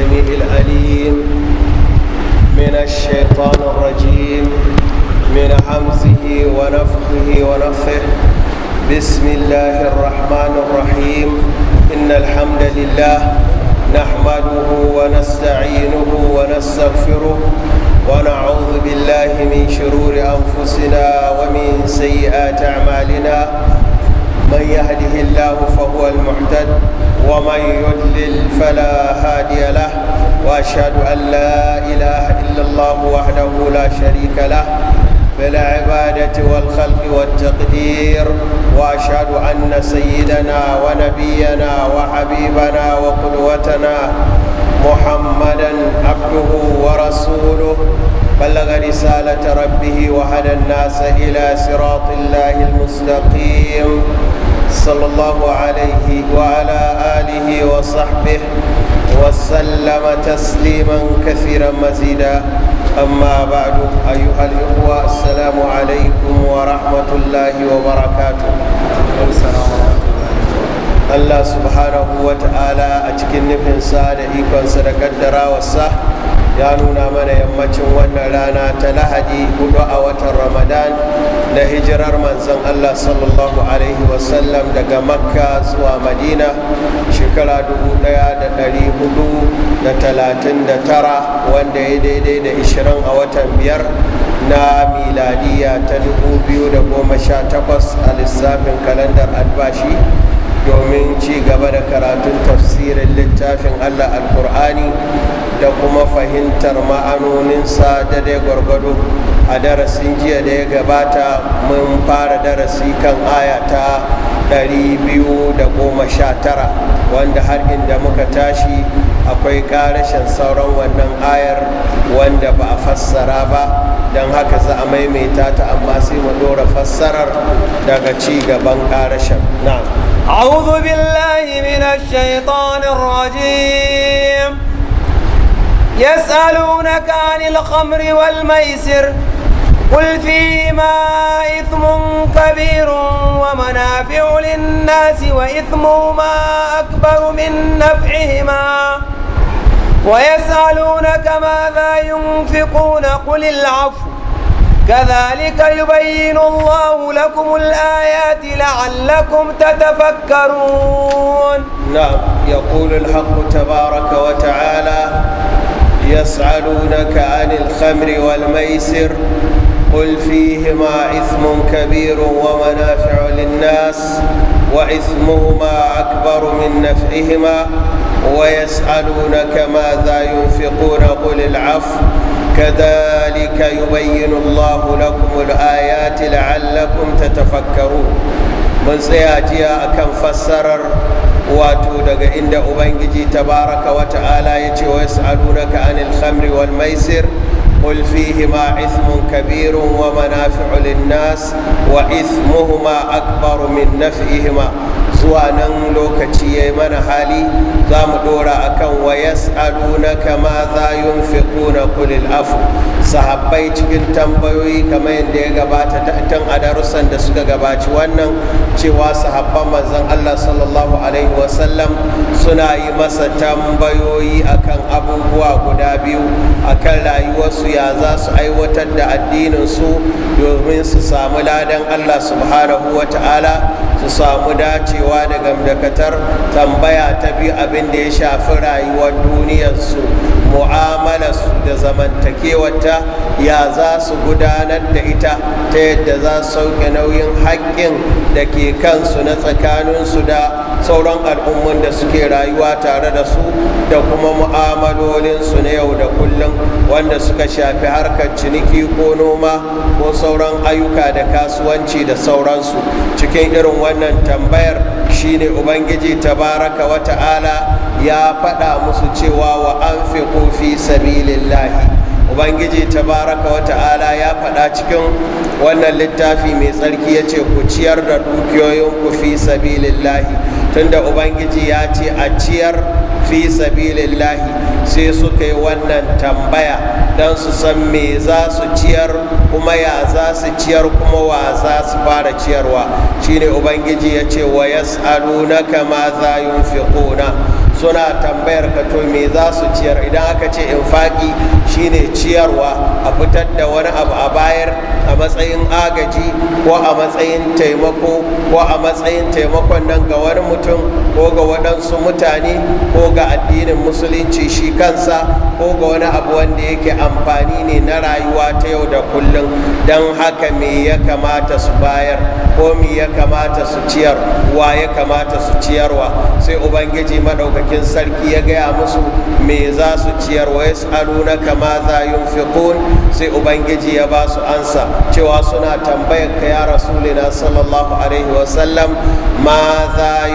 السميع العليم من الشيطان الرجيم من حمزه ونفخه ونفخه بسم الله الرحمن الرحيم إن الحمد لله نحمده ونستعينه ونستغفره ونعوذ بالله من شرور أنفسنا ومن سيئات أعمالنا من يهده الله فهو المحتد ومن يضلل فلا هادي له واشهد ان لا اله الا الله وحده لا شريك له بالعبادة والخلق والتقدير وأشهد أن سيدنا ونبينا وحبيبنا وقدوتنا محمدا عبده ورسوله بلغ رسالة ربه وهدى الناس إلى صراط الله المستقيم صلى الله عليه وعلى آله وصحبه وسلم تسليما كثيرا مزيدا أما بعد أيها الإخوة السلام عليكم ورحمة الله وبركاته allah subhanahu wa ta'ala a cikin nufinsa da ikonsa da kaddarawarsa ya nuna mana yammacin wannan rana ta lahadi hudu a watan ramadan na hijirar manzon allah sallallahu alaihi wasallam daga makka zuwa madina shekara 1439 wanda ya daidai da 20 a watan biyar na miladiya ta 2018 a lissafin kalandar albashi domin ci gaba da karatun tafsirin littafin allah alkur'ani da kuma fahimtar ma'anoninsa da dai gwargwado a darasin jiya da ya gabata mun fara darasi kan aya ta 219 wanda har inda muka tashi akwai karashin sauran wannan ayar wanda ba a fassara ba don haka za a maimaita ta amma sai mu dora fassarar daga ci gaban karashin na'am أعوذ بالله من الشيطان الرجيم يسألونك عن الخمر والميسر قل فيهما إثم كبير ومنافع للناس وإثمهما أكبر من نفعهما ويسألونك ماذا ينفقون قل العفو كذلك يبين الله لكم الآيات لعلكم تتفكرون نعم يقول الحق تبارك وتعالى يسألونك عن الخمر والميسر قل فيهما إثم كبير ومنافع للناس وإثمهما أكبر من نفعهما ويسألونك ماذا ينفقون قل العفو كذلك يبين الله لكم الآيات لعلكم تتفكرون من سيأتي أكم فسرر واتو دقا إند أبنجي تبارك وتعالى يتي ويسألونك عن الخمر والميسر قل فيهما إثم كبير ومنافع للناس وإثمهما أكبر من نفعهما zuwa nan lokaci ya yi mana hali za mu dora a kan wayas na kama za yun na kulil afu sahabbai cikin tambayoyi kamar yadda ya gabata tun a darussan da suka gabaci wannan cewa sahabban manzon allah sallallahu alaihi wasallam suna yi masa tambayoyi akan abubuwa guda biyu akan rayuwarsu ya za su aiwatar da addininsu domin su samu ladan allah subhanahu wa ta'ala su samu dacewa kamewa da gamdakatar tambaya ta bi abin da ya shafi rayuwar duniyarsu mu'amalarsu da zamantakewarta ya za su gudanar da ita ta yadda za su sauke nauyin haƙƙin da ke kansu na tsakaninsu da sauran al'ummun da suke rayuwa tare da su da kuma mu'amalolinsu na yau da kullum wanda suka shafi harkar ciniki ko noma ko sauran ayyuka da kasuwanci da sauransu cikin irin wannan tambayar shine ubangiji tabaraka wa ta'ala ya faɗa musu cewa wa anfiqu fi sabilillahi ubangiji tabaraka wa ta'ala ya faɗa cikin wannan littafi mai tsarki ya ce ku ciyar da dukiyoyinku fi sabilillahi tunda ubangiji ya ce a ciyar fi sabilillahi sai suka yi wannan tambaya don su san me za su ciyar kuma ya za su ciyar kuma wa za su fara ciyarwa shine ubangiji ya ce wa na kama za yunfiquna suna tambayar ka to me za su ciyar idan aka ce in faki shine ciyarwa a fitar da wani abu a bayar a matsayin agaji ko a matsayin taimako ko a matsayin taimakon nan ga wani mutum ko ga waɗansu mutane ko ga addinin musulunci shi kansa ko ga wani abu wanda yake amfani ne na rayuwa ta yau da kullum don haka me ya kamata su bayar ko me ya kamata su ciyar wa ya kamata su ciyarwa sai ubangiji maɗaukaki maɗaukakin sarki ya gaya musu me za su ciyar wa na kama za yunfiqun sai ubangiji ya ba su ansa cewa suna tambayar ka ya rasulina sallallahu alaihi wasallam ma za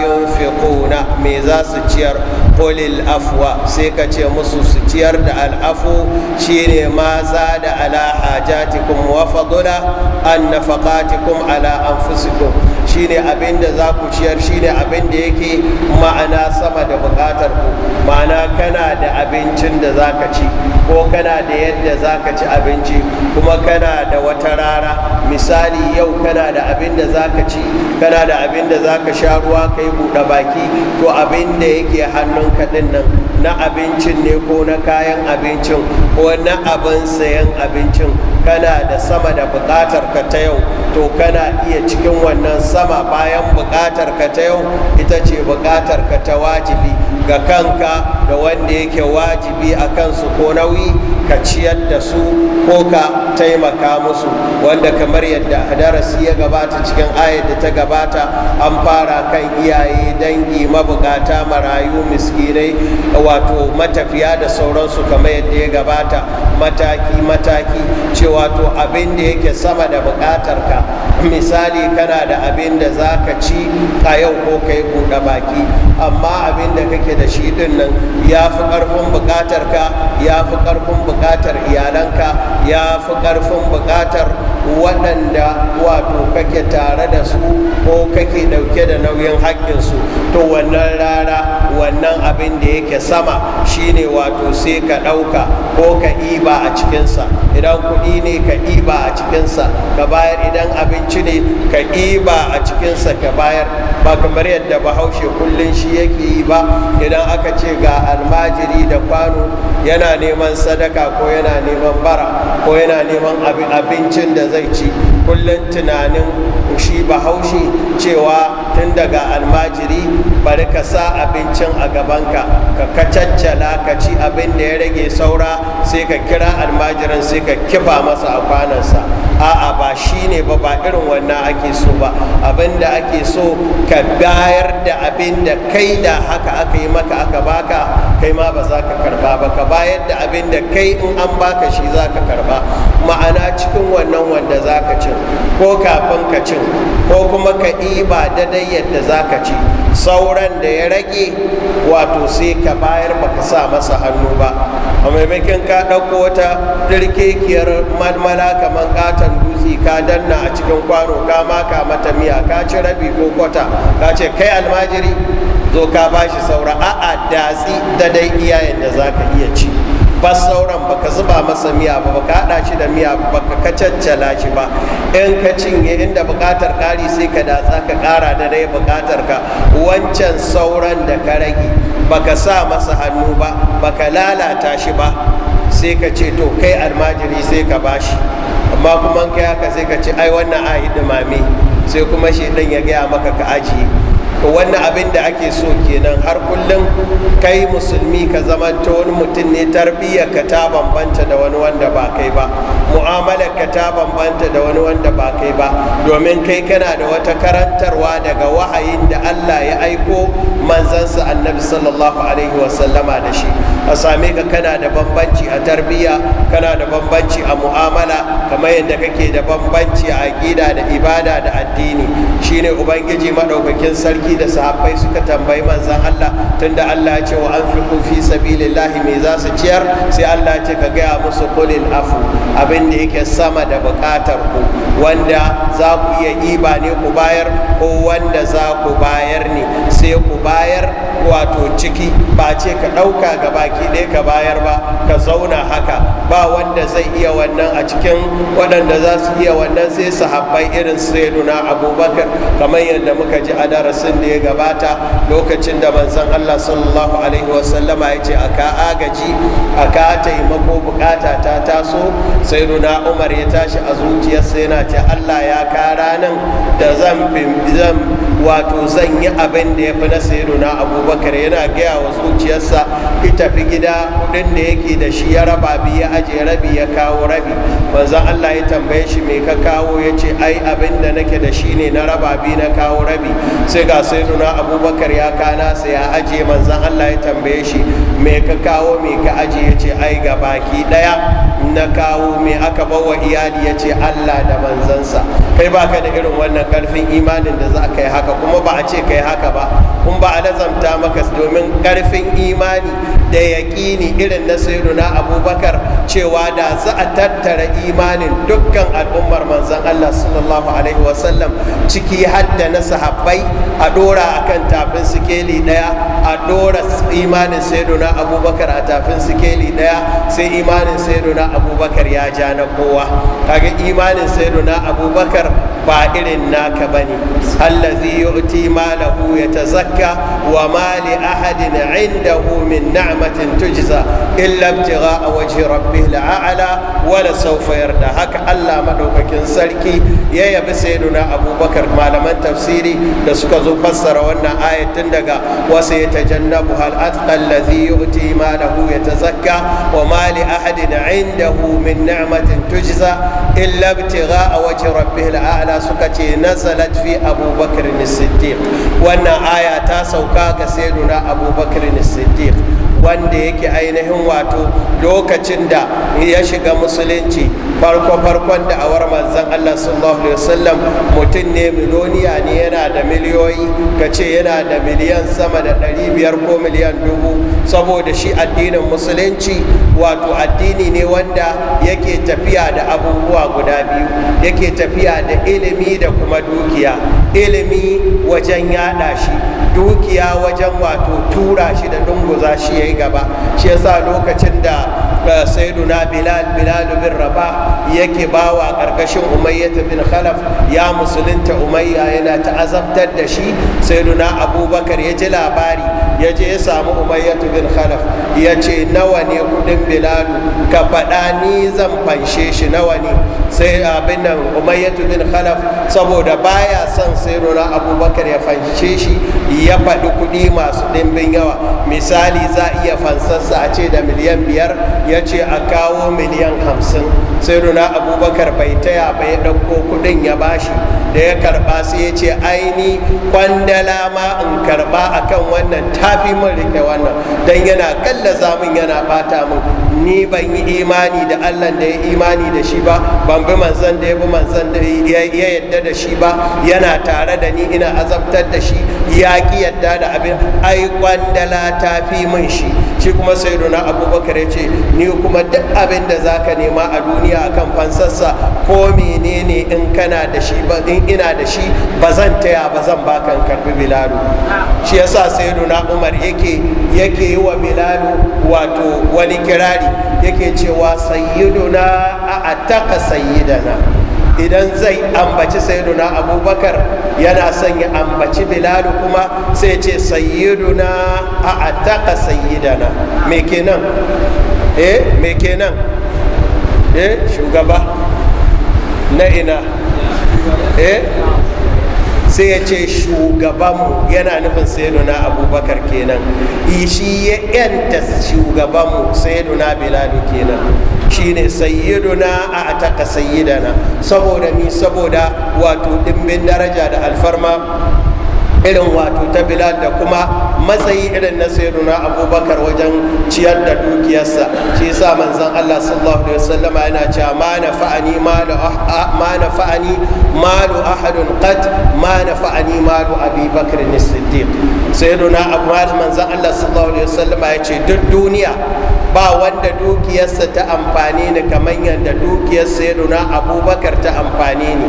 me za su ciyar qulil afwa sai ka ce musu su ciyar da al'afu shine ma za da ala hajatikum wa fadula an nafaqatikum ala anfusikum shine abin da za ku ciyar shine abin da yake ma'ana sama da bukatar ku ma'ana kana da abincin da za ka ci ko kana da yadda za ka ci abinci kuma kana da wata rara misali yau kana da abin da za ka ci kana da abin da za ka sha ruwa ka yi buɗe baki to abin da yake hannun kaɗin nan na abincin ne ko na kayan abincin ko na abin sayan abincin kana da sama da buƙatar ka ta yau to kana iya cikin wannan sama bayan buƙatar ka ta yau ita ce buƙatar ka ta wajibi ga kanka da wanda yake wajibi a kansu ko nauyi ka ciyar da su ko ka taimaka musu wanda kamar yadda darasi ya gabata cikin ayar da ta gabata an fara kan iyaye dangi mabukata marayu miskinai wato matafiya da sauransu kamar yadda ya gabata mataki mataki ce wato abin da yake sama da bukatar ka misali kana da abin da za ka ci a yau ko kai buɗe baki amma abin da kake da shi ɗin nan ya fi ƙarfin buƙatar ka ya fi ƙarfin buƙatar iyalanka ya fi ƙarfin buƙatar waɗanda wato kake tare da su ko kake ɗauke da nauyin haƙƙinsu to wannan rara wannan abin da yake sama shine wato sai ka ɗauka ko ka ɗiba a cikinsa idan kuɗi ne ka ɗiba a cikinsa ka bayar idan abinci ne ka ɗiba a cikinsa ka bayar ba kamar yadda bahaushe kullum shi yake yi ba idan aka ce ga almajiri da kwano yana neman sadaka ko yana neman bara ko yana neman abincin da zai ci kullum tunanin shi bahaushe cewa tun daga almajiri bari ka sa abincin a gabanka ka kacaccala ka ci abin da ya rage saura sai ka kira almajirin sai ka kifa masa a kwanansa a'a ba shi ne ba ba irin wannan ake so ba abin da ake so ka bayar da abin da kai da haka aka yi maka aka baka kai ma ba za ka karba ba ka bayar da abin da kai in an baka shi za ka karba ma'ana cikin wannan wanda za ko kafin ka cin ko kuma ka ɗiba daidai yadda za ka ci sauran da ya rage wato sai ka bayar ba ka sa masa hannu ba a maimakon ka ɗauko wata ɗirkekiyar malmala kamar katon dutse ka danna a cikin kwano ka maka mata miya ka ci rabi ko kwata ka ce kai almajiri zo ka bashi saura a'a datsi daidai iya iyayen za ka iya ci ba sauran baka zuba masa miya ba baka hada shi da miya ba baka kacaccala shi ba in ka cinye inda bukatar kari sai ka datsa ka kara da dai bukatar ka wancan sauran da ka rage baka sa masa hannu ba baka lalata shi ba sai ka ce to kai almajiri sai ka bashi amma kuma kai haka sai ka ce ai wannan a dumame sai kuma shi ya gaya maka ka ajiye Ka wannan abin da ake so kenan har kullum kai musulmi ka zama ta wani mutum ne tarbiyyar ka ta bambanta da wani wanda ba kai ba mu'amalar ka ta bambanta da wani wanda ba kai ba domin kai kana da wata karantarwa daga wahayin da Allah ya aiko manzansa annabi sallallahu alaihi wasallama da shi a same ka kana da bambanci a tarbiyya kana da bambanci a mu'amala kamar yadda kake da bambanci a aƙida da ibada da addini shine ubangiji maɗaukakin sarki tsarki da sahabbai suka tambayi manzan Allah tunda Allah ya ce wa anfiqu fi sabilillahi me za su ciyar sai Allah ya ce ka gaya musu kulil afu abin da yake sama da bukatar ku wanda za ku iya iba ne ku bayar ko wanda za ku bayar ne sai ku bayar wato ciki ba ce ka ɗauka ga baki ɗaya ka bayar ba ka zauna haka ba wanda zai iya wannan a cikin waɗanda za su iya wannan sai su haɓɓai irin saiduna abubakar kamar yadda muka ji a darasin da ya gabata lokacin da manzan allah sallallahu alaihi wasallama ya ce a ka agaji a ka taimako bukata ta taso saiduna umar ya tashi a zuciyarsa yana ce allah ya kara nan da zan wato zan yi abin da ya fi na na abubakar yana gaya wa zuciyarsa Ki tafi gida kudin da yake da shi ya raba biyu ya aje rabi ya kawo rabi manzon Allah ya tambaye shi me ka kawo ya ce ai abin da nake da shi ne na raba biyu na kawo rabi sai ga sayyiduna abubakar ya kana sai ya aje manzan Allah ya tambaye shi me ka kawo me ka aji ya ce ai ga baki daya na kawo me aka bawa iyali ya ce allah da manzansa kai baka da irin wannan karfin imanin da za ka yi haka kuma ba a ce ka yi haka ba kun ba a nazamta maka domin karfin imani da yaƙini irin na na abubakar cewa da za a tattara imanin dukkan al'ummar manzan allah sallallahu alaihi wasallam ciki hadda na sahabbai a dora akan tafin sikeli daya a dora imanin na abubakar a tafin sikeli daya sai imanin na abubakar ya ja na kowa kaga imanin na abubakar ba irin naka bane allazi yu'ti malahu yatazakka wa ma li ahadin indahu min ni'matin tujza illa ibtigha'a wajhi rabbil a'la wa la sawfa yarda haka Allah madaukakin sarki ya yabi sayyiduna Abubakar malaman tafsiri da suka zo fassara wannan ayat tun daga wasa yatajannabuha al-atqa allazi yu'ti malahu yatazakka wa ma ahadin indahu min ni'matin tujza illa ibtigha'a wajhi rabbil a'la ta'ala suka ce nazalat fi abubakar siddiq wannan aya ta sauka ga sayyiduna abubakar siddiq wanda yake ainihin wato lokacin da ya shiga musulunci farko-farkon da awar manzan Allah sallallahu alaihi wasallam mutum ne miloniya ne yana da miliyoyi ka ce yana da miliyan sama da ɗari biyar ko miliyan dubu saboda shi addinin musulunci wato addini ne wanda yake tafiya da abubuwa guda biyu yake tafiya da ilimi da kuma dukiya ilimi wajen yada shi dukiya wajen wato tura shi da dunguza shi ya yi gaba shi yasa lokacin da sayyiduna bilal bilal bin rabah yake bawa karkashin umayyah bin khalaf ya musulunta umayya yana ta'azabtar da shi sayyiduna abubakar ya ji labari ya je ya samu umayyah bin khalaf ya ce nawa ne kudin bilalu ka faɗa ni zan fanshe shi nawa ne sai abin nan umayyah bin khalaf saboda baya son sayyiduna abubakar ya fanshe shi ya faɗi kuɗi masu ɗimbin yawa misali za a iya fansarsa a ce da miliyan biyar ya ya ce a kawo miliyan hamsin sai runa abubakar bai taya bai ɗauko kuɗin ya bashi da ya karɓa sai ya ce aini kwandala ma in karɓa akan wannan tafi mun riƙe wannan don yana kallaza zamun yana bata min ni ban yi imani da allah da ya imani da shi ba ban bi manzan da ya bi manzan da ya yadda da shi ba yana tare da ni ina azabtar da shi ya ki yadda da abin ai kwandala tafi fi min shi shi kuma sayyiduna abubakar ya ce ni kuma duk abin da za ka nema a duniya kan fansarsa ko ne in kana da shi in ina da shi ba zan taya ba zan ba kan karbi bilalu shi yasa sayyiduna umar yake yake yi wa bilalu wato wani kirari yake cewa sayyiduna a attaka sayyidana idan zai ambaci sayyiduna abubakar yana son ya ambaci bilalu kuma sai ce sayyiduna a attaka sayyidana me kenan eh me kenan eh shugaba na ina eh sai ya ce shugabanmu yana nufin sayyiduna abubakar kenan shi ya yanta shugabanmu sayyiduna biladu kenan Shi shine sayyiduna a ataka sayyidana saboda ni saboda wato dimbin daraja da alfarma irin wato ta bilal da kuma matsayi irin na sayyiduna abubakar wajen ciyar da dukiyarsa shi yasa manzon allah sallallahu alaihi wasallama yana cewa ma nafa'ani malu ah, ah, ma nafa'ani malu ahadun qad ma nafa'ani malu abi bakr as-siddiq sayyiduna abu manzon allah sallallahu alaihi wasallama ce duk duniya ba wanda dukiyarsa ta amfani ni kamar yadda dukiyar sayyiduna abubakar ta amfani ni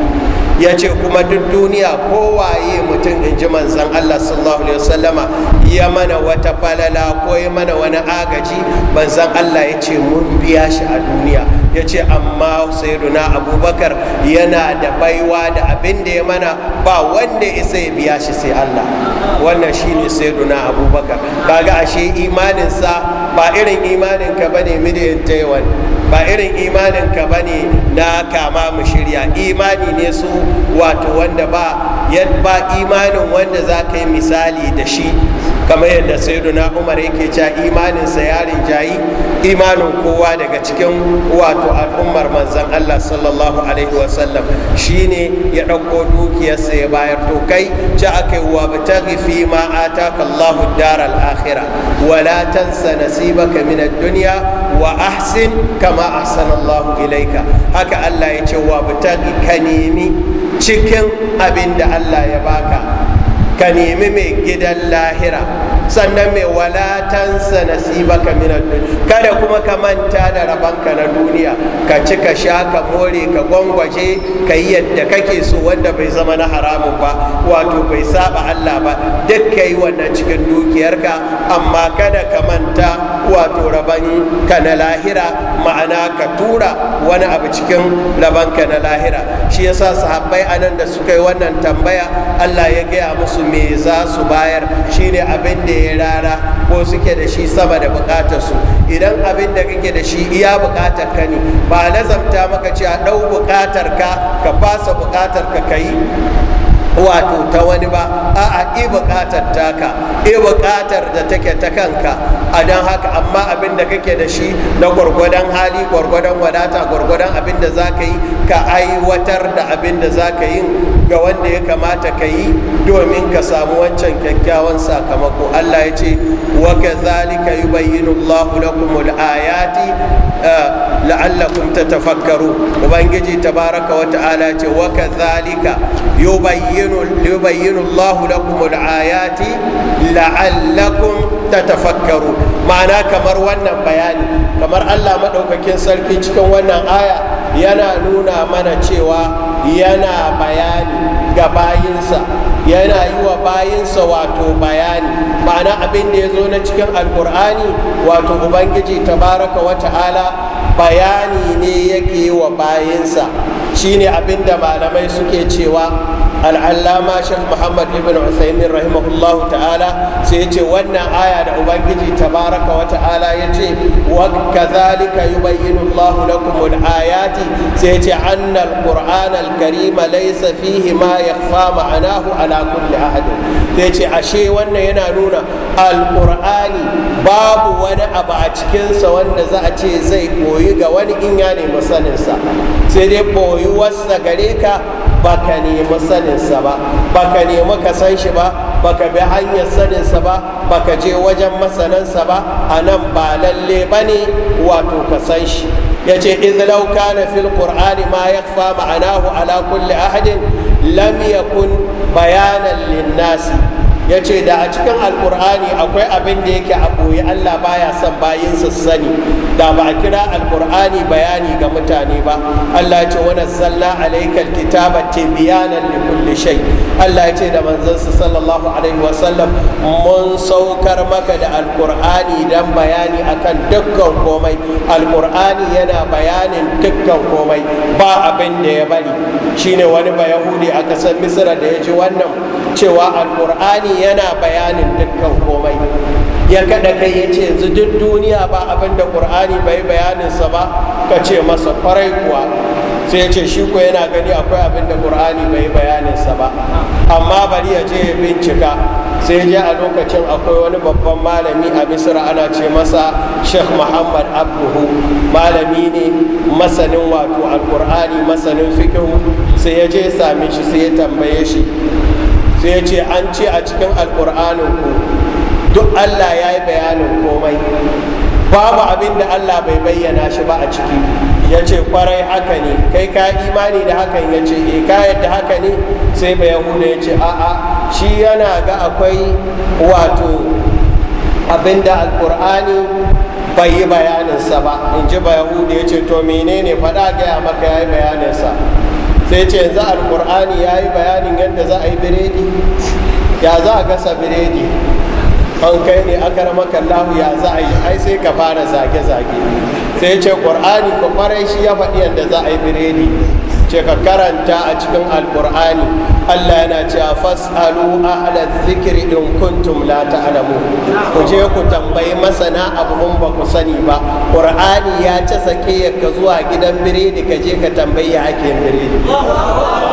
ya ce kuma duk duniya kowaye mutum in ji manzan allah sallallahu alaihi wasallama ya mana wata falala ko ya mana wani agaji manzan allah ya ce mun biya shi a duniya ya ce amma sayyiduna abubakar yana da baiwa da abin da ya mana ba wanda isa ya biya shi sai allah wannan shine sayyiduna abubakar kaga ashe imaninsa ba irin imaninka ba ne midiyan taiwan ba irin imaninka ba ne na kama mu shirya imani ne su wato wanda ba ba imanin wanda za ka yi misali da shi kamar yadda sayyiduna umar yake cewa imaninsa ya rinjayi imanin kowa daga cikin wato al'ummar manzan allah sallallahu alaihi wasallam shine ya ɗauko dukiyarsa ya bayar to kai ci aka yi wa bitaghi fi ma ataka allahu dar al-akhirah wala tansa nasibaka min ad-dunya wa ahsin kama ahsana allahu ilaika haka allah ya ce wa bitaghi ka nemi cikin abin da allah ya baka ka nemi mai gidan lahira sannan mai walatansa nasibaka minar kada kuma ka manta da rabanka na duniya ka ci ka sha ka more ka gwangwaje ka yi yadda kake so wanda bai zama na haramun ba wato bai saba Allah ba duk ka yi wannan cikin dukiyarka amma kada ka manta wato rabon ka na lahira ma'ana ka tura wani abu cikin ka na lahira shi yasa sahabbai anan da suka yi wannan tambaya allah ya gaya musu me za su bayar shine abin da ya rara ko suke da shi sama da bukatarsu idan abin da kake da shi iya bukatar ka ne ba lazamta maka cewa ɗau bukatar ka ka fasa bukatar ka ka yi wato ta wani ba a'a i buƙatar taka i bukatar da take ta kanka a don haka amma abin da kake da shi na gwargwadon hali gwargwadon wadata gwargwadon abin da za ka yi ka aiwatar da abin da za ka yi ga wanda ya kamata ka yi domin ka samu wancan kyakkyawan sakamako Allah ya ce wa kadhalika yubayyinu Allahu lakum al-ayati eh, la'allakum tatafakkaru ubangiji tabaraka wa ta'ala ce wa kadhalika yubayyinu yubayyinu Allahu lakum al-ayati la'allakum tatafakkaru ma'ana kamar wannan bayani kamar Allah maɗaukakin sarki cikin wannan aya yana nuna mana cewa yana bayani ga bayinsa yana yi wa bayinsa wato bayani ma'ana abin da ya zo na cikin alkur'ani wato ubangiji tabaraka wa ta'ala bayani ne yake yi wa bayinsa shine abin da malamai suke cewa al'allama shek muhammad ibn usaimin rahimahullahu ta'ala sai yace wannan aya da ubangiji tabaraka wa ta'ala ya ce wa kazalika yubayyinu allahu lakum ayati sai yace anna alquran alkarima laysa fihi ma yakhfa ma'anahu ala kulli ahad sai ashe wannan yana nuna Al'ƙur'ani babu wani abu a cikinsa wanda za a ce zai koyi ga wani in ya nemi saninsa sai dai koyi wasa gare ka Baka ka nemi saninsa ba baka nemi ka san shi ba baka bi hanyar saninsa ba baka je wajen masanansa ba a nan ba lalle ba ne wato ka san shi ya ce izlau kana fil qur'ani ma yakfa ma'anahu ala kulli ahadin lam yakun bayanan linnasi ya ce da a cikin alkur'ani akwai abin da yake a ɓoye allah baya son bayinsa sani da ba a kira alkur'ani bayani ga mutane ba Allah ce wa salla alaykal kitaba biyanan da kulli shai. Allah ya ce da manzon sa sallallahu alaihi wa sallam mun saukar maka da alkur'ani dan bayani akan dukkan komai alkur'ani yana bayanin dukkan komai ba abin da ya bari shine wani bayahudi a kasar misira da ya ji wannan cewa alkur'ani yana bayanin dukkan komai ya kada kai ya ce yanzu duk duniya ba abin da ƙur'ani bai bayaninsa ba ka ce masa ƙwarai kuwa sai ya ce shi ko yana gani akwai abin da ƙur'ani bai bayaninsa ba amma bari ya je ya bincika sai ya a lokacin akwai wani babban malami a misira ana ce masa sheikh muhammad abduhu malami ne masanin wato alƙur'ani masanin fikihu sai ya je ya same shi sai ya tambaye shi sai ya ce an ce a cikin alƙur'anin ku duk allah ya yi bayanin komai babu abin da allah bai bayyana shi ba a ciki ya ce kwarai haka ne kai ka imani da hakan ya ce e ka yadda haka ne sai bai yahuda ya ce a'a shi yana ga akwai wato abin da alkur'ani bai yi bayaninsa ba in ji ba yahuda ya ce to menene faɗa gaya maka ya yi bayaninsa sai ce yanzu alkur'ani ya yi bayanin yadda za a yi biredi ya za a gasa biredi an kai ne aka rama kallahu ya za a yi ai sai ka fara zage-zage sai ce ƙur'ani ko ƙwarai shi ya faɗi yadda za a yi biredi ce ka karanta a cikin alƙur'ani allah yana ce a fas'alu ahla zikiri in kuntum la ta'lamu ku je ku tambayi masana abubuwan ba ku sani ba ƙur'ani ya ci sake ka zuwa gidan biredi ka je ka tambayi ya ake biredi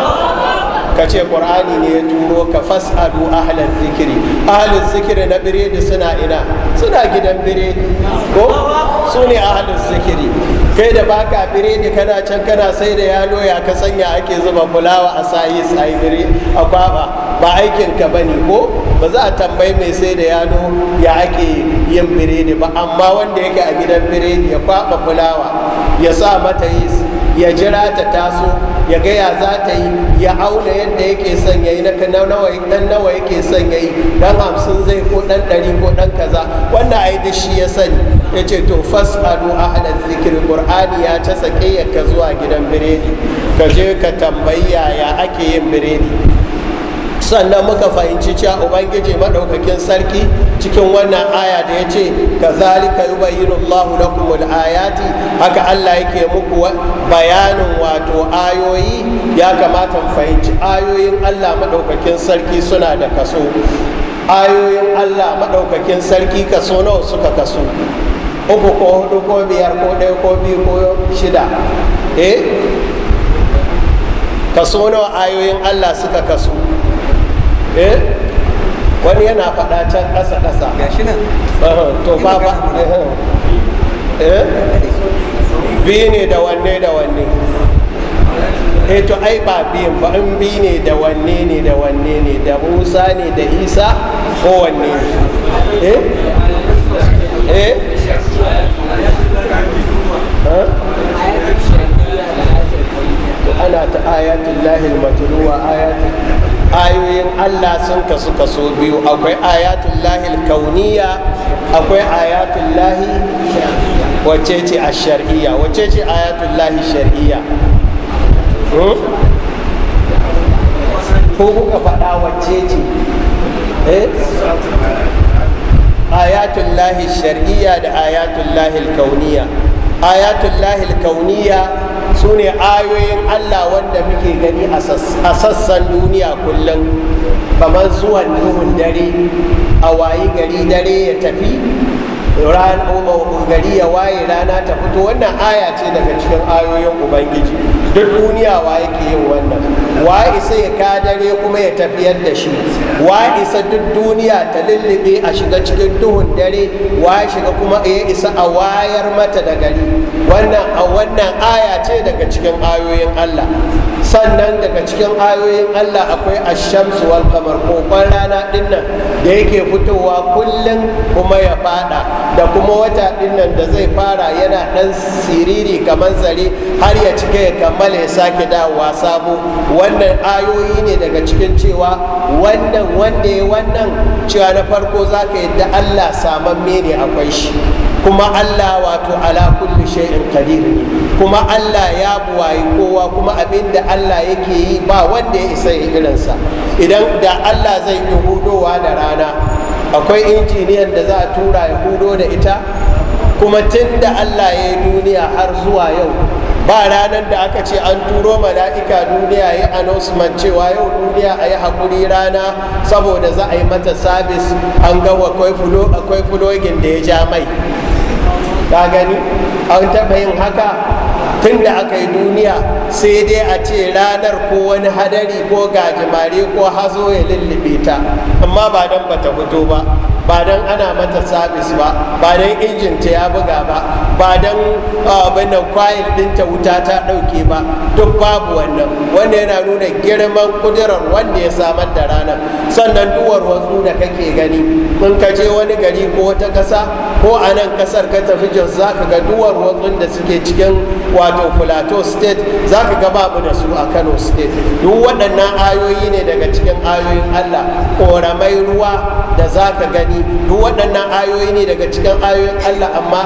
ka ce qur'ani ne ya turo ka fas'alu ahlan zikiri ahlan zikiri na biredi suna ina suna gidan biredi ko su ne ahlan zikiri kai da baka biredi kana can kana sai da yalo ya ka sanya ake zuba fulawa a sayi sai bire a kwaba ba aikin ka bane ko ba za a tambayi mai sai da yalo ya ake yin biredi ba amma wanda yake a gidan biredi ya kwaba fulawa ya sa mata yis ya jira ta taso ya ga ya za ta yi ya auna yadda yake son yi na kan nawa dan nawa yake son yi? dan hamsin zai ko dan ɗari ko dan kaza wanda ai da shi ya sani ya ce to fasalu ahlan zikri qur'ani ya ta sake ya ka zuwa gidan biredi ka je ka tambayi yaya ake yin biredi sannan muka fahimci cewa ubangiji madaukakin sarki cikin wannan aya da ya ce ka zalika yubayyinu Allahu lakum al-ayati haka Allah yake muku bayanin wato ayoyi ya kamata mu fahimci ayoyin Allah madaukakin sarki suna da kaso ayoyin Allah madaukakin sarki kaso nawa suka kaso uku ko hudu ko biyar ko ɗaya ko biyu ko shida eh kaso nawa ayoyin Allah suka kaso Eh? wani yana faɗa can ƙasa ƙasa to ba ba eh? biyu ne da wanne da wanne eh to ai ba biyun ba in bi ne da wanne ne da wanne ne da musa ne da isa ko wanne ne eh eh ana ta ayatul lahil matluwa ayoyin Allah sun kasu kaso biyu akwai ayatul lahil kauniya akwai ayatul lahi wacce ce a shari'a wacce ce ayatul lahi shari'a hmm? ko kuka faɗa wacce ce eh? ayatul lahi shari'a da ayatul lahil kauniya ayatul lahil kauniya su ne ayoyin allah wanda muke gani a sassan duniya kullum kamar zuwan duhun dare a wayi gari dare ya tafi gari ya waye rana ta fito wannan aya ce daga cikin ayoyin ubangiji duk duniya wa yake yin wannan wa isa ya kadare kuma ya tafiyar da shi wa isa duk duniya ta lullube a shiga cikin duhun dare wa shiga kuma ya isa a wayar mata da gari wannan a wannan aya ce daga cikin ayoyin Allah sannan daga cikin ayoyin allah akwai ashamsu wal kamar kokon rana dinnan da yake fitowa kullum kuma ya fada da kuma wata dinnan da zai fara yana dan siriri kamar zare har ya cika ya kammala ya sake dawowa sabo wannan ayoyi ne daga cikin cewa wannan wanda ya wannan cewa na farko zaka yadda allah samamme ne akwai shi kuma Allah wato ala kulli shay'in qadir kuma Allah ya buwayi kowa kuma abinda Allah yake yi ba wanda ya isa irin irinsa idan da Allah zai yi hudowa da rana akwai injiniyan da za a tura ya hudo da ita kuma tun da Allah ya yi duniya har zuwa yau ba ranar da aka ce an turo mala'ika duniya ya announcement cewa yau duniya a yi haƙuri rana saboda za a yi mata sabis an ga akwai fulogin da ya ja mai ka gani an taɓa yin haka tun da aka yi duniya sai dai a ce ranar ko wani hadari ko gajimare ko hazo ya lullube ta amma ba don bata fito ba ba don ana mata sabis ba ba don injinta ya buga ba ba don ah, abinnan kwayar dinta wuta ta ɗauke ba duk babu wannan wanda yana nuna girman kudurar wanda ya samar da ranar sannan duwar wasu da kake gani in ka je wani gari ko wata ƙasa ko a nan ƙasar ka tafi jos za ka ga duwar wasu da suke cikin wato plateau state za ka ga babu da su a kano state duk waɗannan ayoyi ne daga cikin ayoyin allah ƙoramai ruwa da za ka gani duk waɗannan ayoyi ne daga cikin ayoyin allah amma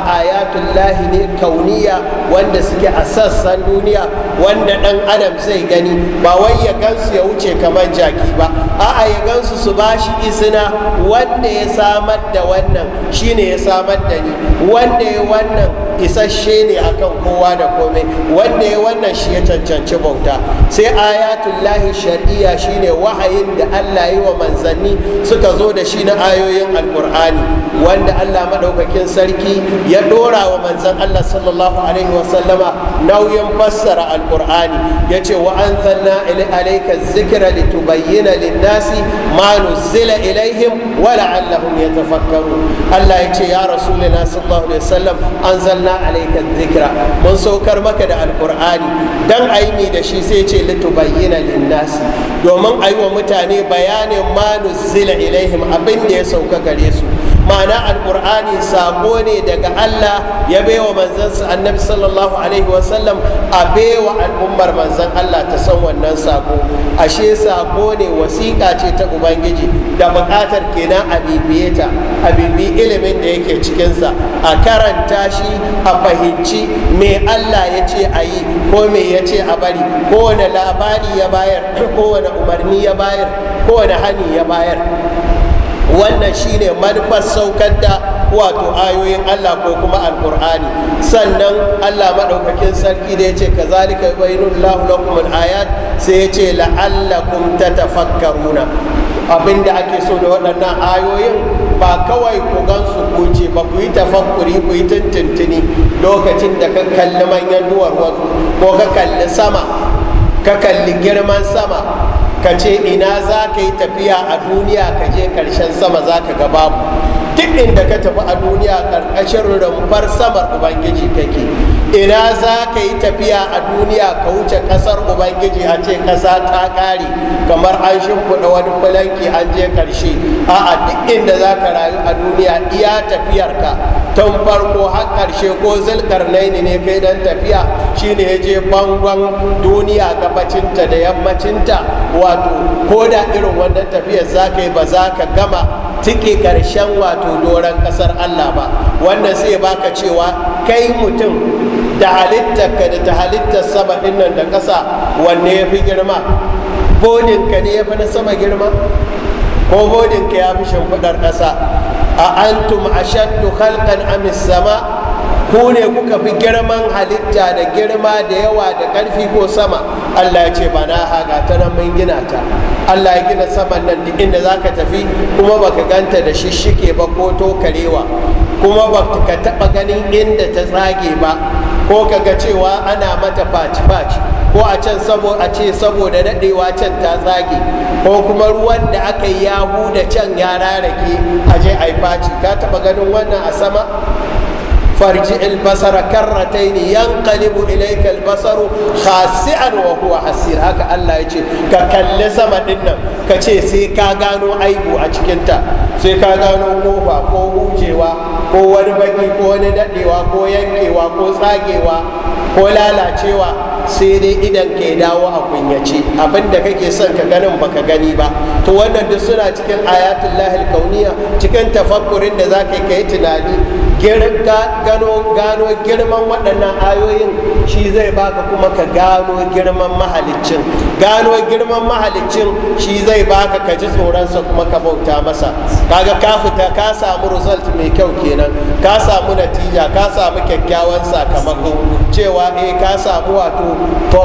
lahi ne kauniya wanda suke a sassan duniya wanda ɗan adam zai gani ba wai ya gansu ya wuce kamar jaki ba a'a ya gansu su ba shi isina wanda ya samar da wannan shine ya samar da ni wanda ya wannan isasshe ne akan kowa da komai wanda ya wannan shi ya cancanci bauta sai ayatullahi shari'a shine wahayin da Allah yi wa manzanni suka zo da shi na ayoyin alkur'ani wanda Allah madaukakin sarki ya dora wa manzan Allah sallallahu alaihi sallama nauyin fassara alkur'ani ya ce wa anzalna alaika zikra litubayyana linnasi ma nuzila ilaihim wa la'allahum yatafakkarun Allah ya ce ya rasulina sallallahu alaihi wasallam anzalna alayka zikira mun saukar maka da alkur'ani dan aini da shi sai ce litubayyana linnasi domin ayi wa mutane bayanin ma nuzila ilaihim abin da ya sauka gare su ma'ana alkur'ani sako ne daga allah ya baiwa manzansa annabi sallallahu alaihi wasallam a baiwa al'ummar manzan allah ta san wannan sako ashe sako ne wasiƙa ce ta ubangiji da buƙatar kenan a bibiye ta a ilimin da yake cikinsa a karanta shi a fahimci me allah ya ce a yi ko me ya ce a bari kowane labari ya bayar kowane umarni ya bayar kowane hani ya bayar wannan shine manufar saukar da wato ayoyin Allah ko kuma alkur'ani sannan Allah maɗaukakin sarki da ya ce ka zalika -Lahu lakum ayat sai ya ce la'allakum tatafakkaruna abinda ake so da waɗannan ayoyin ba kawai ku gansu kuce ba ku yi tafakkuri ku yi tuntuntuni lokacin da ka kalli manyan duwar wasu ko ka kalli sama ka kalli girman sama ka ce ina za ka yi tafiya a duniya ka je karshen sama za ka ga duk da ka tafi a duniya ƙarƙashin rumfar samar ubangiji kake ina za ka yi tafiya a duniya ka wuce ƙasar ubangiji a ce ƙasa ta ƙare kamar an shimfiɗa wani falanki an je ƙarshe a'a duk inda za ka rayu a duniya iya tafiyarka tun farko har ƙarshe ko naini ne kai dan tafiya shine ya je bangon duniya gabacinta da yammacinta wato ko da irin wannan tafiyar za ka yi ba za ka gama Tike karshen wato doron ƙasar allah ba Wanda zai baka cewa kai mutum da ka da ta halittar sama nan da ƙasa wanne ya fi girma ka ne ya fi na sama girma ko ka ya fi shimfiɗar ƙasa a antum ashaddu khalqan amis sama' ku ne kuka fi girman halitta da girma da yawa da ƙarfi ko sama allah ya ce ba na haga ta nan mun gina ta Allah ya gina saman nan duk inda za ka tafi kuma ba ka ganta da shishike ba ko tokarewa kuma ba ka taɓa ganin inda ta tsage ba ko ka ga cewa ana mata faci-faci ko a can a ce saboda daɗewa can ta tsage ko kuma ruwan da aka yi yahu da can ya rarake a je a yi faci ka taɓa ganin wannan a sama فارجع البصر كرتين ينقلب إليك البصر خاسعا وهو حسير هكا الله يجي ككل سما دنا كشي سي كاغانو أيبو أشكنتا سي كاغانو كوفا كوهوجيوا كو ونبكي كو ندنيوا كو ينكيوا كو ساقيوا ko lalacewa sai dai idan ke dawo a kunyace abinda kake son ka ganin baka gani ba to wannan duk suna cikin ayatul lahil kauniya cikin tafakkurin da za ka yi tunani gano girman waɗannan ayoyin shi zai baka kuma ka gano girman mahaliccin gano girman mahaliccin shi zai baka ka ji tsoronsa kuma ka bauta masa kaga ka fita ka samu result mai kyau kenan ka samu natija ka samu kyakkyawan sakamako cewa eh ka samu wato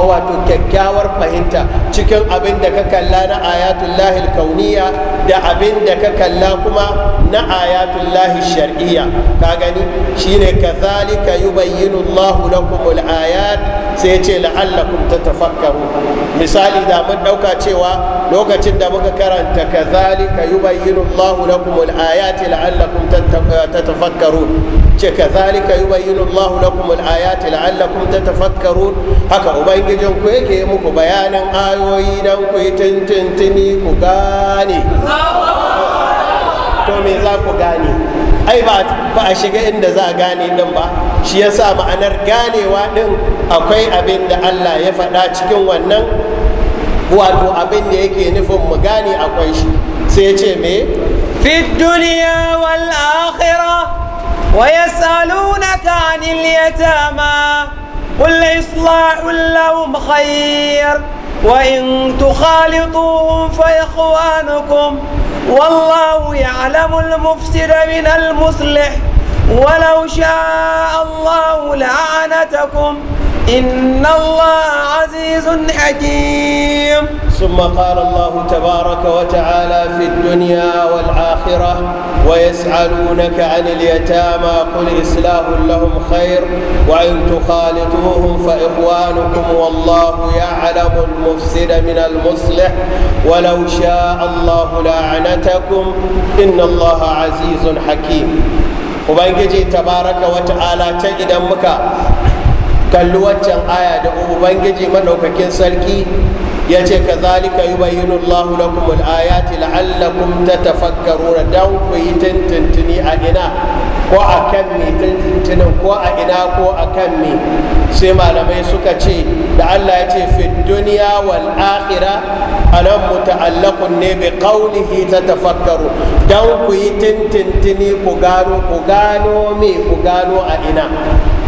wato kyakkyawar fahimta cikin abin da ka kalla na ayatullahi kauniya da abin da ka kalla kuma na ayatullahi shar'iyya ka gani shine kazalika yubayyinu Allahu lakum al-ayat sai ya ce la'allakum tafakkaru misali da mun dauka cewa lokacin da muka karanta ka ka zali yi yubayyinu Allahu na kumul ayati la'allakum tafakkaru ce ka ka zali yi yubayyinu Allahu na kumul ayati la'allakum tafakkaru haka ubangijin ku yake muku bayanan ayoyi dan ku yi tintintini ku gane to me za ku gane ai ba a shiga inda za a gane din ba shi sa ma'anar ganewa din akwai abin da Allah ya faɗa cikin wannan wato abin da yake nufin mu gane akwai shi sai ce me fi duniya wal akhirah wa yas'alunaka 'anil yatama قل إصلاح لهم خير وإن تخالطوهم فإخوانكم والله يعلم المفسد من المصلح ولو شاء الله لعنتكم إن الله عزيز حكيم ثم قال الله تبارك وتعالى في الدنيا والآخرة ويسألونك عن اليتامى قل إصلاح لهم خير وإن تخالطوهم فإخوانكم والله يعلم المفسد من المصلح ولو شاء الله لعنتكم إن الله عزيز حكيم وبنجي تبارك وتعالى تجد أمك كل وجه آية وبنجي من madaukakin سلكي ya ce ka zalika yi bayyinu allahu lakum al'ayati la'allakum ta tafakkaruna don ku yi tintintini a ina ko a kan me tintintinin ko a ina ko a kan me sai malamai suka ce da allah ya ce fi duniya wal akhira a nan muta'allakun ne bi qawlihi ta tafakkaru dan ku yi tintintini ku gano ku gano me ku gano a ina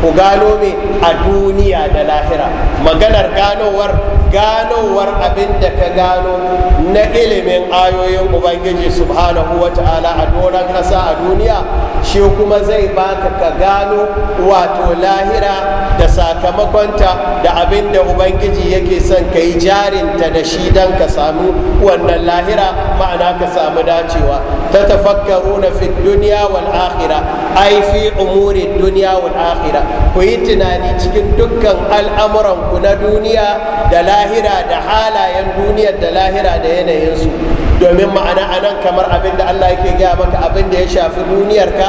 ku gano me a duniya da lahira maganar ganowar ganowar abin da ka gano na ilimin ayoyin ubangiji subhanahu wa ta'ala a doron ƙasa a duniya shi kuma zai baka ka gano wato lahira da sakamakonta da abin da ubangiji yake son ka yi jarinta da shi don ka samu wannan lahira ma'ana ka samu dacewa ta tafakkaru na fi duniya wal akhira ai fi umuri duniya wal akhira ku yi tunani cikin dukkan al'amuranku na duniya da lahira da halayen duniyar da lahira da yanayinsu domin ma'ana anan kamar abin da Allah yake gaya maka abin da ya shafi duniyarka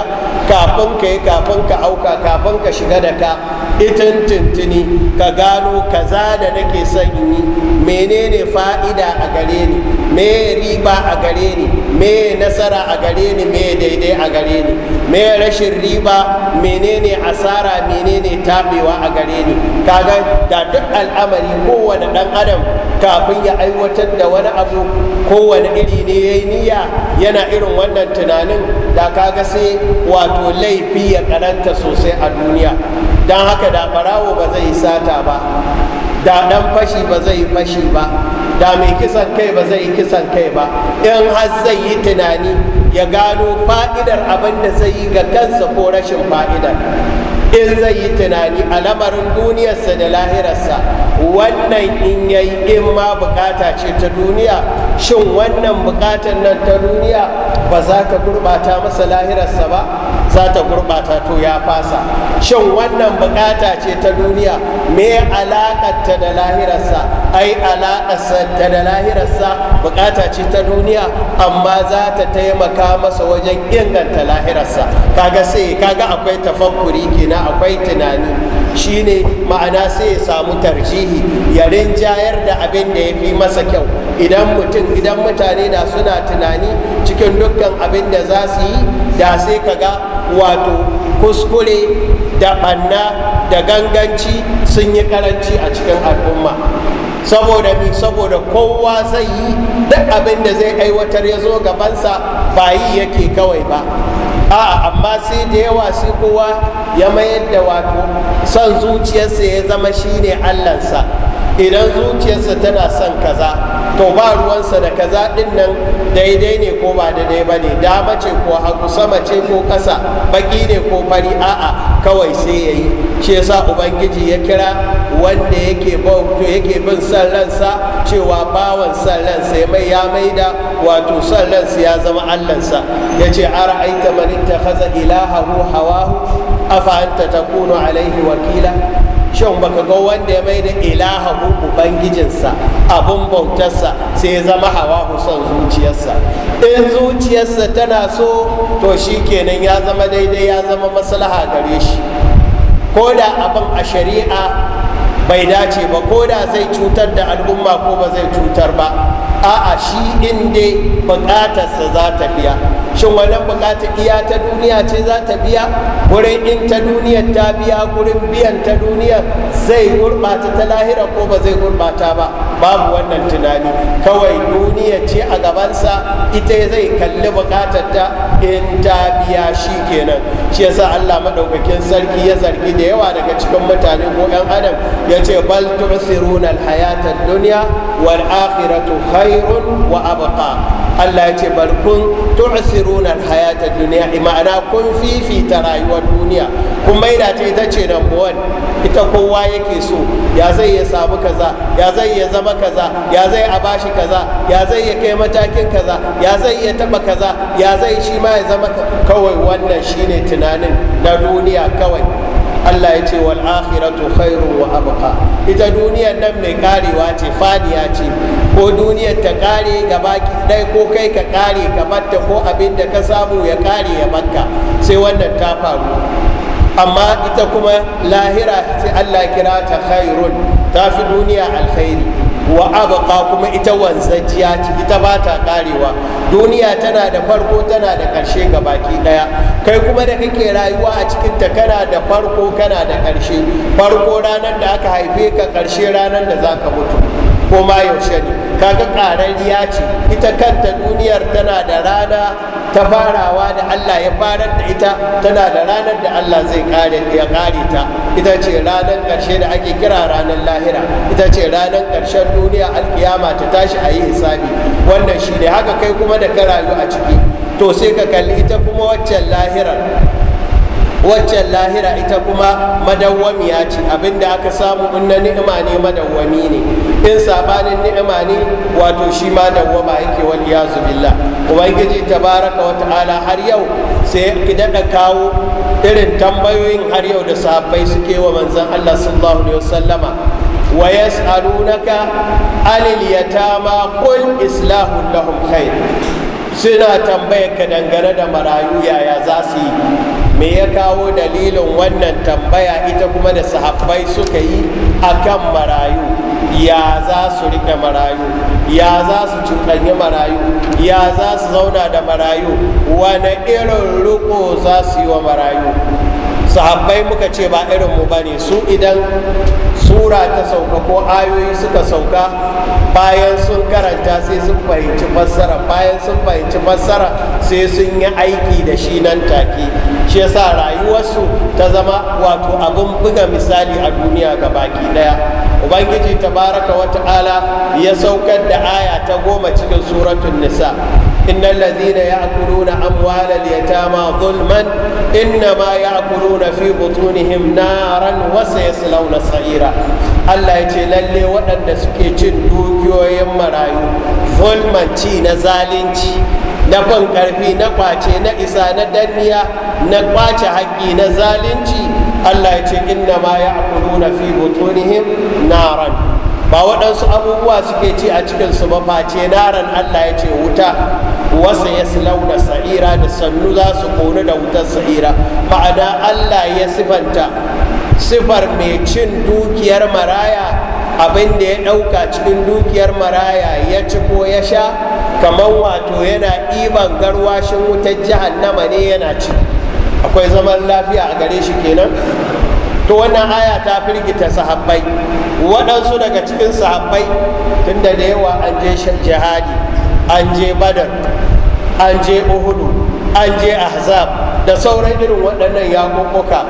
kafin ka yi kafin ka auka kafin ka shiga da ka itin tuntuni ka gano kaza da nake son yi menene fa'ida a gare ni me riba a gare ni me nasara a gare ni me daidai a gare ni me rashin riba menene asara menene tabewa a gare ni kaga da duk al'amari kowane dan adam kafin ya aiwatar da wani abu kowane iri ne ya yi niyya yana irin wannan tunanin da kaga sai wato laifi ya karanta sosai a duniya don haka da barawo ba zai sata ba da dan fashi ba zai fashi ba da mai kisan kai ba zai kisan kai ba in har zai yi tunani ya gano fa'idar abin da zai yi ga kansa ko rashin fa'idar in zai yi tunani a lamarin duniyarsa da lahirarsa wannan in yayi in ma bukata ce ta duniya shin wannan bukatar nan ta duniya ba za ka gurbata masa lahirarsa ba za ta gurɓata to ya fasa shin wannan bukata ce ta duniya me alaƙarta da lahirarsa ai alaƙarta da lahirarsa bukata ce ta duniya amma za ta taimaka masa wajen inganta lahirarsa kaga sai kaga akwai tafakkuri kenan akwai tunani shine ma'ana sai ya samu tarjihi ya jayar da abin da ya fi masa kyau idan mutum idan mutane da suna tunani cikin dukkan abin da za su yi da sai kaga wato kuskure da ɓanna da ganganci sun yi karanci a cikin al'umma saboda mi saboda kowa zai yi duk abin da zai aiwatar ya zo gabansa ba yi yake kawai ba a'a amma sai da yawa sai kowa ya mayar da wato son zuciyarsa ya zama shine allansa idan zuciyarsa tana son kaza to ba ruwansa da kaza din nan daidai ne ko ba daidai ba ne dama ce ko hagu sama ce ko ƙasa baƙi ne ko fari a'a kawai sai ya yi shi yasa ubangiji ya kira wanda yake yake bin son ransa cewa bawan son ransa mai ya maida wato son ransa ya zama allansa ya ce ara'aita kaza ittakhadha ilahahu hawahu afa anta takunu alaihi wakila shan baka ga wanda ya mai da ilaha ubangijinsa abin bautarsa sai ya zama hawa son zuciyarsa in zuciyarsa tana so to shi kenan ya zama daidai ya zama maslaha gare shi ko da abin a shari'a bai dace ba ko da zai cutar da al'umma ko ba zai cutar ba a'a shi din dai bukatarsa za ta biya shin wannan bukatar iya ta duniya ce za ta biya wurin in ta duniya ta biya wurin biyan ta duniya zai gurbata ta lahira ko ba zai gurbata ba babu wannan tunani kawai duniya ce a gabansa ita zai kalli bukatar ta in ta biya shi kenan shi yasa Allah madaukakin sarki ya zargi da yawa daga cikin mutane ko 'yan adam ya yace ce bal tu'thiruna al-hayata dunya wal akhiratu khairun wa abqa Allah yace ce bal kun tu'thiruna al-hayata ad-dunya ma'ana kun fifita rayuwar duniya kun maida ta ita ce number 1 ita kowa yake so ya zai ya samu kaza ya zai ya zama kaza ya zai a bashi kaza ya zai ya kai matakin kaza ya zai ya taba kaza ya zai shi ma ya zama kawai wannan shine tunanin na duniya kawai Allah ya ce wal akhiratu khairu wa abqa ita duniyar nan mai karewa ce fadiya ce ko duniya ta kare gaba dai ko kai ka kare ka batta ko abin da ka samu ya kare ya bakka sai wannan ta faru amma ita kuma lahira sai Allah kira ta khairun ta fi duniya alkhairi wa abqa kuma ita wanzajiya ce ita ba ta karewa duniya tana da farko tana da karshe baki daya kai kuma da kake rayuwa a cikin ta kana da farko kana da karshe farko ranar da aka haife ka karshe ranar da zaka mutu ko ma yaushe ne kaga ƙarariya ce ita kanta duniyar tana da rana ta farawa da Allah ya farar da ita tana da ranar da Allah zai kare ya kare ta ita ce ranar karshe da ake kira ranar lahira ita ce ranar ƙarshen duniya alkiyama ta tashi a yi hisabi wannan shi ne haka kai kuma da ka rayu a ciki to sai ka kalli ita kuma waccan lahirar waccan lahira ita kuma madawwamiya ce abinda aka samu inna na ni'ima ne madawwami ne in sabanin ni'ima ne wato shi ma dawwama yake wal yazu ubangiji tabaraka wa ta'ala har yau sai ki dada kawo irin tambayoyin har yau da sahabbai suke wa manzon Allah sallallahu alaihi wasallama wa yas'alunaka alil yatama qul islahu lahum khair suna tambayar ka dangane da marayu yaya za su yi me ya kawo dalilin wannan tambaya ita kuma da sahabbai suka yi a kan marayu ya za su riƙe marayu ya za su cuɗanyi marayu ya za su zauna da marayu wane irin riko za su yi wa marayu sahabbai muka ce ba irin mu ne, su idan sura ta sauka ko ayoyi suka sauka bayan sun karanta sai sun fahimci fassara bayan sun fahimci fassara sai sun yi aiki da shi nan take shi yasa rayuwarsu ta zama wato abin buga misali a duniya ga baki daya ubangiji tabaraka wata'ala ya saukar da aya ta goma cikin suratun nisa إن الذين يأكلون أموال اليتامى ظلما إنما يأكلون في بطونهم نارا وسيصلون سعيرا Allah ya ce lalle waɗanda suke cin dukiyoyin marayu fulmanci na zalunci na ban karfi na kwace na isa na danniya na kwace haƙƙi na zalunci Allah ya ce inna ma ya fi butunihim naran ba waɗansu abubuwa suke ci a cikinsu ba face naran allah ya ce wuta wasa ya launa sa'ira da sannu za su kone da wutar sa'ira ma'ana allah ya sifanta sifar mai cin dukiyar maraya abin da ya ɗauka cikin dukiyar maraya ya ci ko ya sha kamar wato yana ɗiban garwashin wutar jihar nama ne yana ci akwai zaman lafiya a gare shi kenan to wannan aya ta firgita sahabbai waɗansu daga cikin sahabbai tun da yawa an je jihadi an je badar an je uhudu an je ahzab da sauran irin waɗannan yaƙuƙuka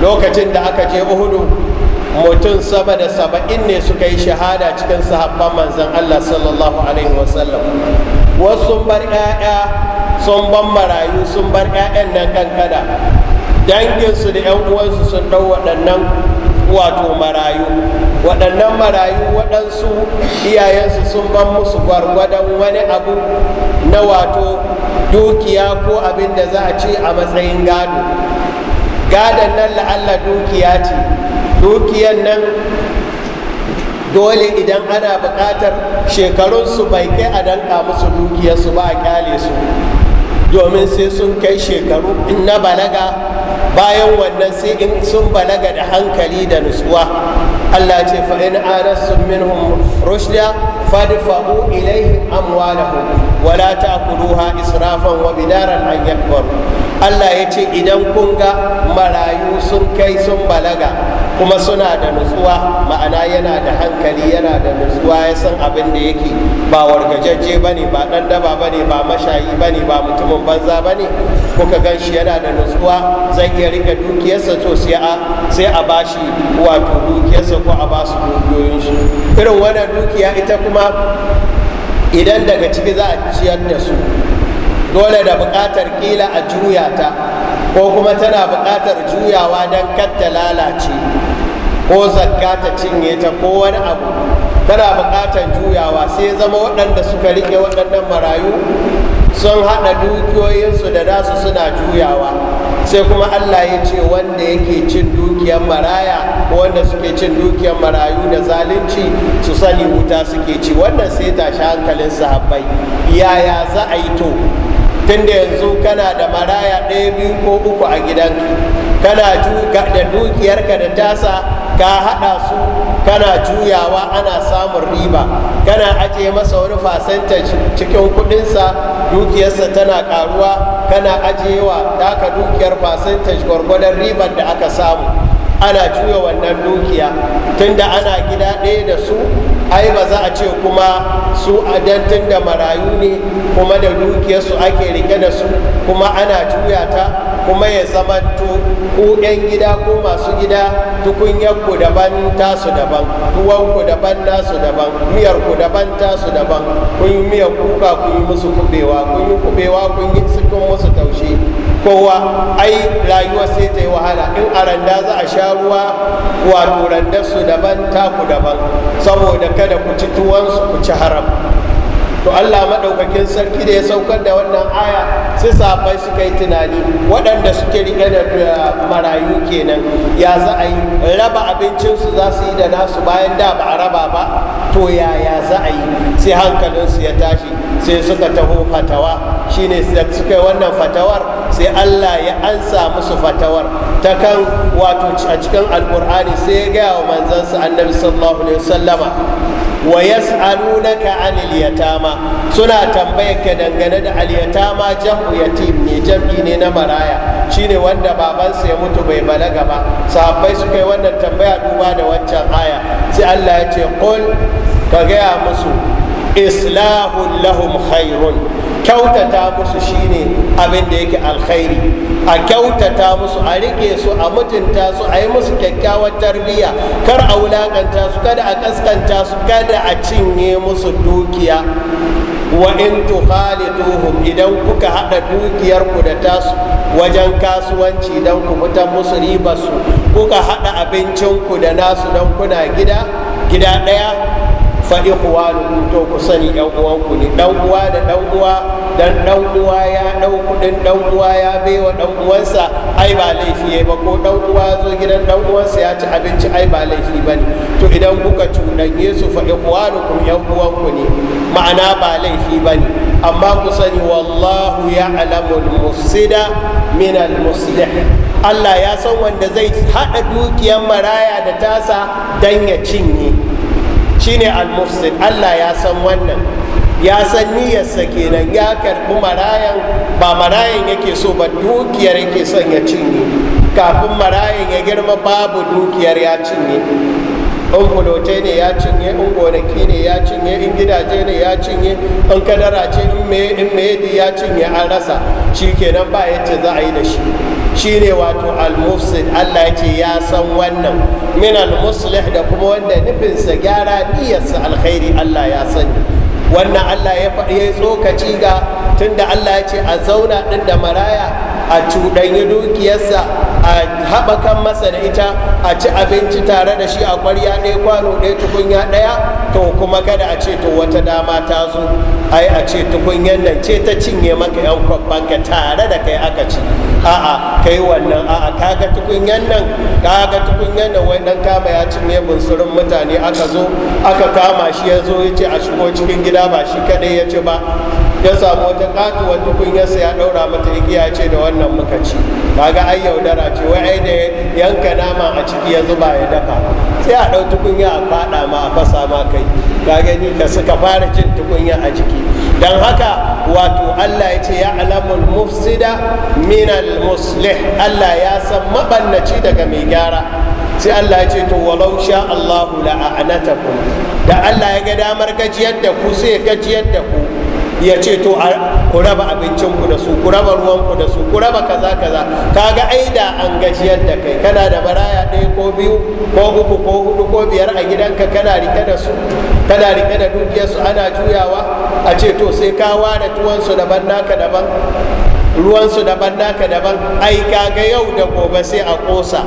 lokacin da aka je uhudu mutum sama da saba'in ne suka yi shahada cikin sahabban manzan allah sallallahu alaihi wasallam wasu sun bar 'ya'ya sun ban marayu sun bar 'ya'yan nan kankana danginsu da 'yan uwansu sun dau waɗannan wato marayu waɗannan marayu waɗansu iyayensu sun ban musu gwargwadon wani abu na wato dukiya ko abin da za a ce a matsayin gado gadon nan la'alla dukiya ce dukiyan nan dole idan ana bukatar shekarunsu bai kai a danka musu dukiyarsu ba a kyale su domin sai sun kai shekaru in na balaga bayan wannan sai in sun balaga da hankali da nutsuwa allah ce fa'in arasun minhum rushda fadfa'u ilaihim amwalahum wa la ta'kuluha israfan wa bidaran an Allah ya ce idan kun ga marayu sun kai sun balaga kuma suna da nutsuwa ma'ana yana da hankali yana da nutsuwa ya san abin da yake ba wargajajje ba ne ba ɗan daba ba ne ba mashayi ba ne ba mutumin banza ba ne kuka gan shi yana da nutsuwa zai iya rika dukiyarsa to sai a sai a bashi wato dukiyarsa ko a basu dukiyoyinsu irin wannan dukiya ita kuma kuma idan daga ciki za a ciyar da su dole da buƙatar ƙila a juya ta ko kuma tana buƙatar juyawa don ta lalace ko zakka ta cinye ta ko wani abu tana buƙatar juyawa sai zama waɗanda suka riƙe waɗannan marayu sun haɗa dukiyoyinsu da nasu suna juyawa sai kuma allah ya ce wanda yake cin dukiyar maraya wanda suke cin dukiyar marayu da zalunci su sani wuta suke ci wannan sai tashi hankalin sahabbai yaya za a yi to tunda yanzu kana da maraya ɗaya biyu ko uku a gidanka kana da dukiyarka da tasa ka haɗa su kana juyawa ana samun riba kana ajiye masa wani fasantaj cikin kudinsa dukiyarsa tana karuwa kana ajiyewa daka dukiyar fasantaj gwargwadon ribar da aka samu ana juya wannan dukiya tunda ana gida ɗaya da su ai ba za a ce kuma su adantun da marayu ne kuma da dukiyarsu ake rike da su kuma ana juya ta kuma ya zamanto ku 'yan gida ko masu gida tukunyarku daban tasu daban tuwanku daban nasu daban miyarku daban tasu daban kun yi miyar kuka kun yi musu kubewa kun yi kubewa kun yi cikin musu taushe kowa ai rayuwa sai ta yi wahala in a randa za a sha ruwa wato randarsu daban taku daban saboda kada ku ci tuwansu ku ci haram to Allah maɗaukakin sarki da ya saukar da wannan aya sai safai suka yi tunani waɗanda suke rike da marayu kenan ya za a yi raba abincinsu za su yi da nasu bayan da ba a raba ba to ya ya za a yi sai hankalinsu ya tashi sai suka taho fatawa shine ne suka yi wannan fatawar sai Allah ya ansa musu fatawar ta kan wato a cikin alkur'ani sai ya gaya wa manzansa annabi sallallahu alaihi wasallama wa yas'alunaka 'anil yatama suna tambayarka dangane da al yatama jam'u yatim ne jam'i ne na maraya shine wanda babansa ya mutu bai balaga ba sahabbai suka yi wannan tambaya duba da waccan aya sai Allah ya ce qul ka gaya musu islahun lahum khairun kyautata musu shine abin da yake alkhairi a kyautata musu a rike su a mutunta su a yi musu kyakkyawar tarbiyya kar a wulakanta su kada a kaskanta su kada a cinye musu dukiya wa in tukhalituhum idan kuka hada dukiyar ku da tasu wajen kasuwanci dan ku mutan musu ribar su kuka hada abincin ku da nasu dan kuna gida gida daya fa ikhwanukum to ku sani yan uwanku ne dan uwa da dan uwa dan dan uwa ya dau kudin dan uwa ya baiwa dan uwansa ai ba laifi ba ko dan uwa zo gidan dan uwansa ya ci abinci ai ba laifi bane to idan kuka cunanye su fa ikhwanukum yan uwanku ne ma'ana ba laifi bane amma ku sani wallahu ya ya'lamul musida min al muslih Allah ya san wanda zai haɗa dukiyar maraya da tasa dan ya cinye shine al mufsid Allah ya san wannan ya san niyarsa kenan ya karbi marayan ba marayan yake so ba dukiyar yake son ya cinye kafin marayan ya girma babu dukiyar ya cinye in kulote ne ya cinye in gonaki ne ya cinye in gidaje ne ya cinye in kadara ce in ya cinye an rasa shi kenan ba yace za a yi da shi shi ne wato al-mufsid Allah ya ya san wannan min al-muslih da kuma wanda nufinsa gyara iyarsa alkhairi Allah ya sani wannan allah ya faɗi ya tsokaci ga da allah ya ce a zauna ɗin da maraya a cuɗanyi dukiyarsa a haɓakan masa da ita a ci abinci tare da shi a ƙwarya ɗaya kwano ɗaya tukunya ɗaya to kuma kada a ce to wata dama ta zo ai a ce tukunyan nan ce ta cinye maka yan kwabbanka tare da kai aka ci a'a kai wannan a'a kaga tukunyan nan kaga tukunyan nan wai dan kama ya cinye bunsurin mutane aka zo aka kama shi ya zo ya ce a shigo cikin gida ba shi kadai ya ce ba ya samu wata katuwar tukunyarsa ya daura mata igiya ce da wannan muka ci kaga ai yaudara ce wai ai da yanka nama a ciki ya zuba ya dafa sai a dau tukunya a fada ma a fasa ma kai kaga ni da suka fara jin tukunya a jiki don haka wato allah ya ce ya alamul mufsida minal muslih allah ya san maɓannaci daga mai gyara sai allah ya ce to walau sha allahu la'anatakum da allah ya ga damar gajiyar da ku sai gajiyar da ku ya ce to ku raba abincinku da su ku raba ruwanku da su ku raba kaza kaza kaga ai da an gajiyar da kai kana da baraya ɗaya ko biyu ko uku ko hudu ko biyar a gidanka kana rike da su kana rike da dukiyarsu ana juyawa a ce to sai ka ware su daban naka daban ruwansu daban naka daban ai kaga yau da gobe sai a ƙosa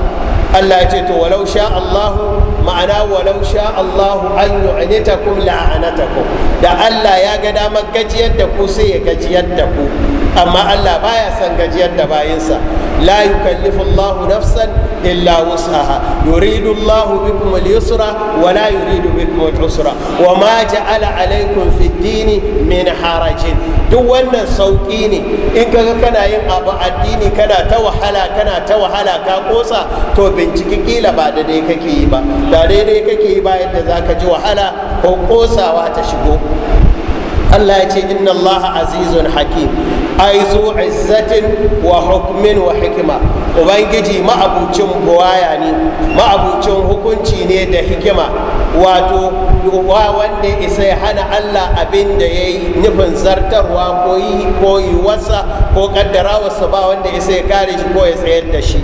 Allah ya ce to walau sha Allahu ma'ana walau sha Allahu an yu'nitakum da Allah ya ga damar gajiyar da ku sai ya gajiyar da ku amma Allah baya son gajiyar da bayinsa la yukallifu Allahu nafsan illa wus'aha yuridu Allahu bikum al-yusra wa la yuridu bikum al-usra wa ma ja'ala alaykum fi dini min harajin duk wannan sauki ne in kaga kana yin abu addini kana ta wahala kana ta wahala ka kosa to binciki kila ba da dai kake yi ba da daidai kake yi ba yadda za ka ji wahala ko kosawa ta shigo allah ya ce inna allaha azizun hakim aizu izzatin wa hukmin wa hikima ubangiji ma'abucin buwaya ne ma'abucin hukunci ne da hikima wato wa wanda isa ya hana allah abin da ya yi nufin zartarwa ko yi ko yi wasa ko kaddara wasa ba wanda isa ya kare shi ko ya tsayar da shi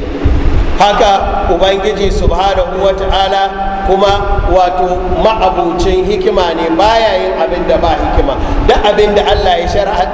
haka ubangiji subhanahu ta'ala kuma wato ma'abucin hikima ne baya yin abin da ba hikima da abin da allah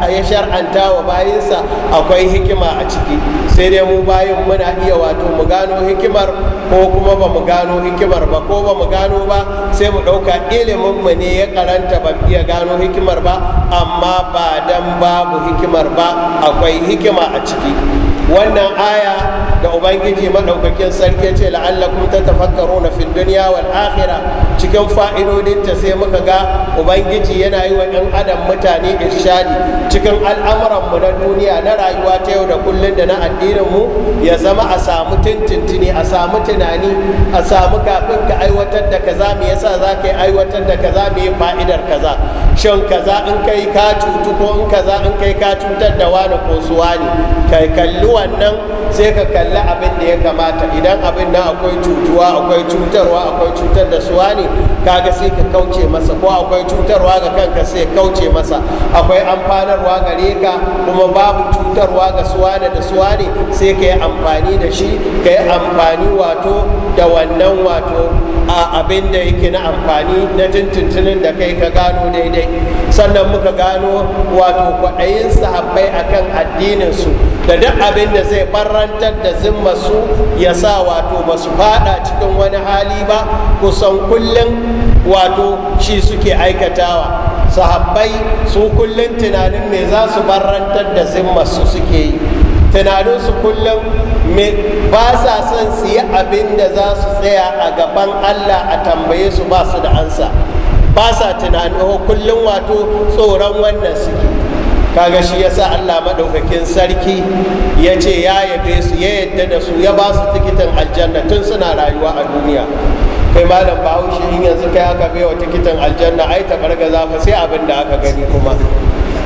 ya shar'anta wa bayinsa akwai hikima a ciki sai dai mu bayin muna iya wato mu gano hikimar ko kuma ba mu gano hikimar ba ko ba mu gano ba sai mu ɗauka ilimin mu ne ya karanta ba iya gano hikimar ba amma ba dan babu hikimar ba akwai hikima a ciki wannan aya da ubangiji maɗaukakin sarki ce la'allakum ta tafakkaru na wal akhira cikin fa'idodinta sai muka ga ubangiji yana yi wa 'yan adam mutane irshadi cikin al'amuranmu na duniya na rayuwa ta yau da kullum da na addininmu ya zama a samu tintintini a samu tunani a samu kafin ka aiwatar da kaza me yasa za ka yi aiwatar da kaza me fa'idar kaza shin kaza in kai ka cutu ko in kaza in kai ka cutar da wani ko suwa ne kai kalli wannan sai ka kalli abin da ya kamata idan abin nan akwai cutuwa akwai cutarwa akwai cutar da suwa ne kaga sai ka kauce masa ko akwai cutarwa ga kanka sai kauce masa akwai amfanarwa gare ka kuma babu cutarwa ga suwa ne da suwa ne sai ka yi amfani da shi ka yi amfani wato da wannan wato a abin da yake na amfani na tuntuntunin da kai ka gano daidai sannan muka gano wato kwaɗayin sahabbai a akan addininsu da duk abin da zai barrantar da zimmasu ya sa wato ba su fada cikin wani hali ba kusan kullum wato shi suke aikatawa sahabbai su kullum tunanin me za su barrantar da zimmasu suke yi tunaninsu kullum ba sa son su yi abin da za su tsaya a gaban allah a tambaye su ba su da ansa ba sa tunani kullum wato tsoron wannan suke kaga shi yasa Allah maɗaukakin sarki ya ce ya yabe su ya yadda da su ya ba su tikitin aljanna tun suna rayuwa a duniya kai malam bahaushe in yanzu kai aka baiwa tikitin aljanna ai ta barga zafa sai abin da aka gani kuma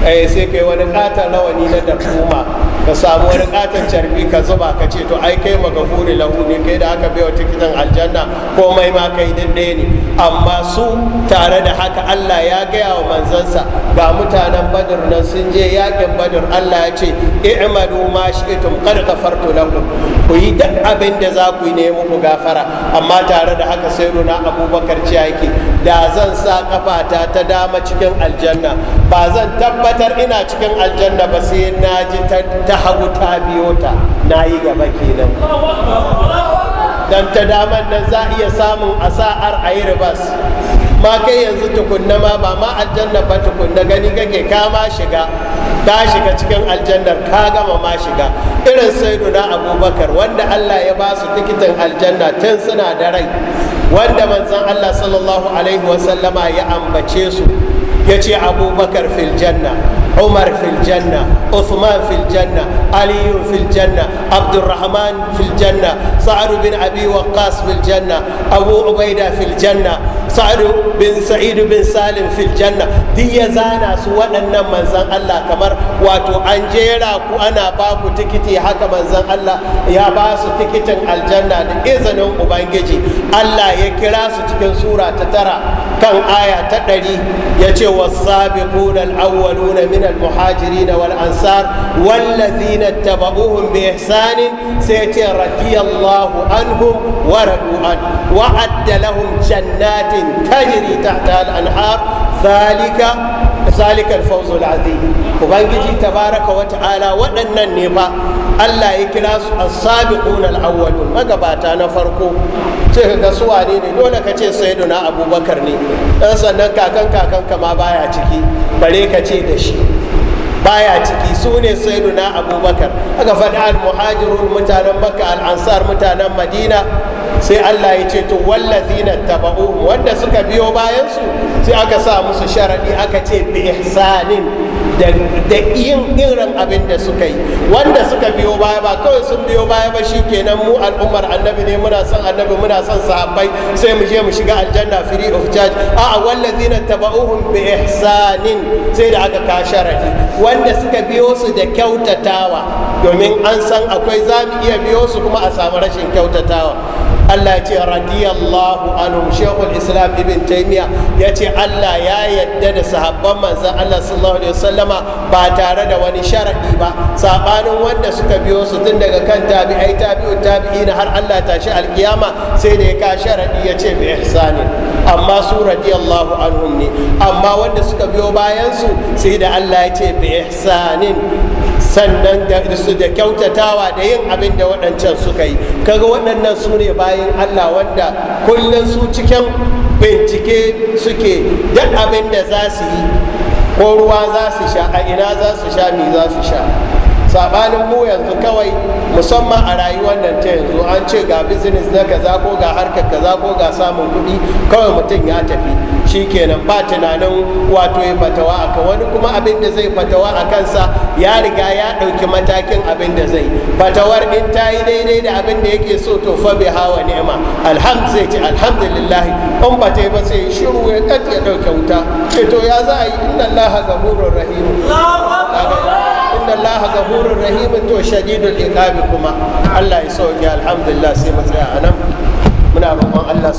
eh sai kai wani katon rawani na dakuma ka samu wani katon carbi ka zuba ka ce to ai kai magafuri lahu ne kai da aka baiwa tikitin aljanna komai ma kai daɗe ne amma su tare da haka Allah ya gaya wa manzansa ga mutanen badur nan sun je yakin badur Allah ya ce i'madu ma shi'tum qad ghafartu lakum ku yi duk abin da za ku yi ne muku gafara amma tare da haka sai na abubakar ce yake da zan sa kafata ta dama cikin aljanna ba zan tabbatar ina cikin aljanna ba sai na ji ta hagu ta biyo ta na yi gaba kenan dan ta daman nan za iya samun asa'ar a yi ribas ma kai yanzu tukunna ma ba ma aljanna ba tukunna gani kake ka ma shiga ka shiga cikin aljannar ka gama ma shiga irin saiduna abubakar wanda allah ya ba su tikitin aljanna tun suna da rai wanda manzan allah sallallahu alaihi wasallama ya ambace su ya ce abubakar filjanna عمر في الجنة عثمان في الجنة علي في الجنة عبد الرحمن في الجنة سعد بن أبي وقاص في الجنة أبو عبيدة في الجنة سعد بن سعيد بن سالم في الجنة دي زانا سوى أن من زن الله كمر واتو أنجيرا أنا باكو تكتي حكا من زن الله يا باسو تكتن الجنة إذن أبنجي الله يكراسو تكن سورة تترى كان آية تتري يتي والسابقون الأولون من المهاجرين والأنصار والذين اتبعوهم بإحسان سيتي رضي الله عنهم ورضوا عنه وعد لهم جنات تجري تحتها الأنهار ذلك ذلك الفوز العظيم وبنجي تبارك وتعالى ودنا النبا ya kira su as-sabiqun al magabata na farko ce ga dole ka ce abubakar ne sannan kakan kakan ka ma baya ciki bare ka ce da shi baya ciki su ne na abubakar aka faɗi al-muhajirun mutanen makka al-ansar mutanen madina sai allah ya ce to wallazina taba'u wanda suka biyo bayansu, sai aka sa musu sharaɗi aka ce bi ihsanin da yin irin abin da suka yi wanda suka biyo baya ba kawai sun biyo baya ba shi kenan mu al'ummar annabi ne muna son annabi muna son sahabbai sai mu je mu shiga aljanna free of charge a'a wallazina tabauhun bi ihsanin sai da aka kasharati wanda suka biyo su da kyautatawa domin an san akwai za mu iya biyo su kuma a samu rashin kyautatawa Allah ya ce radiyallahu anhu shekul islam ibn taimiya ya ce Allah ya yadda da sahabban manzan Allah sallallahu alaihi wasallama ba tare da wani sharaɗi ba sabanin wanda suka biyo su tun daga kan tabi'ai tabi'un tabi'ina har Allah tashi alkiyama sai da ya ka sharaɗi ya ce bi ihsani amma su radiyallahu anhum ne amma wanda suka biyo bayan su sai da Allah ya ce bi ihsanin sannan da su da kyautatawa da yin abin da waɗancan suka yi kaga waɗannan su ne bayan allah wanda kullum su cikin bincike suke duk abin da za su yi ko ruwa za su sha a ina za su sha mi za su sha sabanin mu yanzu kawai musamman a rayuwar nan ta yanzu an ce ga business na kaza ko ga harkar kaza ko ga samun kuɗi kawai mutum ya tafi shikenan ba tunanin wato ya fatawa aka wani kuma abin da zai fatawa a kansa ya riga ya ɗauki matakin abin da zai fatawar in ta yi daidai da abin da yake so to fa bi hawa ni'ima alhamdu zai ce alhamdulillahi in ba ta yi ba sai shiru ya kat ya ɗauke wuta ce to ya za a yi inna allaha gafurur rahim inna allaha gafurur rahim to shadidul iqabi kuma Allah ya sauke alhamdulillah sai mu tsaya anan muna roƙon Allah